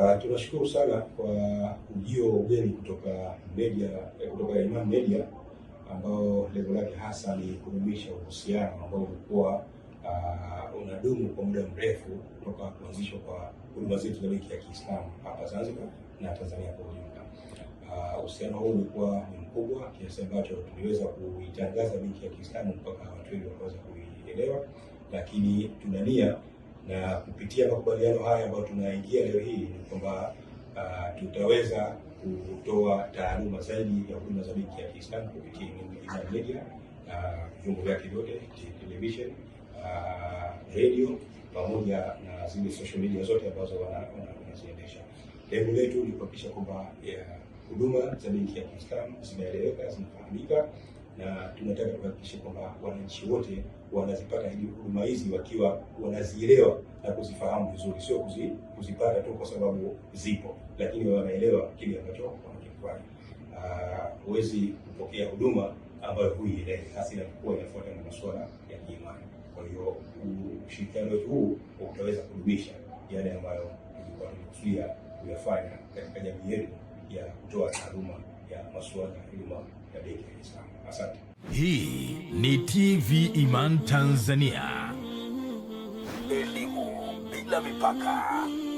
Uh, tunashukuru sana kwa ujio ugeni kutoka media eh, kutoka Imam Media ambao lengo lake hasa ni kudumisha uhusiano ambao umekuwa uh, unadumu kwa muda mrefu kutoka kuanzishwa kwa huduma zetu za benki ya Kiislamu hapa Zanzibar na Tanzania kwa ujumla. Ah, uhusiano huu umekuwa ni mkubwa kiasi ambacho tuliweza kuitangaza benki ya Kiislamu mpaka watu wengi wakaweza kuielewa, lakini tuna nia na kupitia makubaliano haya ambayo tunaingia leo hii ni kwamba uh, tutaweza kutoa taaluma zaidi ya huduma za benki ya Kiislamu kupitia Iman Media uh, vyombo vyake vyote, television, uh, radio pamoja na zile social media zote ambazo wanaziendesha. Lengo letu ni kuhakikisha kwamba eh, huduma za benki ya Kiislamu zinaeleweka, zinafahamika na tunataka tuhakikishe kwamba wananchi wote wanazipata huduma hizi wakiwa wanazielewa na kuzifahamu vizuri, sio kuzi, kuzipata tu kwa sababu zipo, lakini wanaelewa kile ambacho wanakifanya. Ah, huwezi kupokea huduma ambayo huielewi, hasa inapokuwa inafuata na masuala ya kiimani. Kwa hiyo ushirikiano wetu huu utaweza kudumisha yale ambayo tulikuwa tunakusudia kuyafanya katika jamii yetu ya kutoa taaluma masuala huduma ya benki ya Asante. Hii ni TV Iman Tanzania, elimu bila mipaka.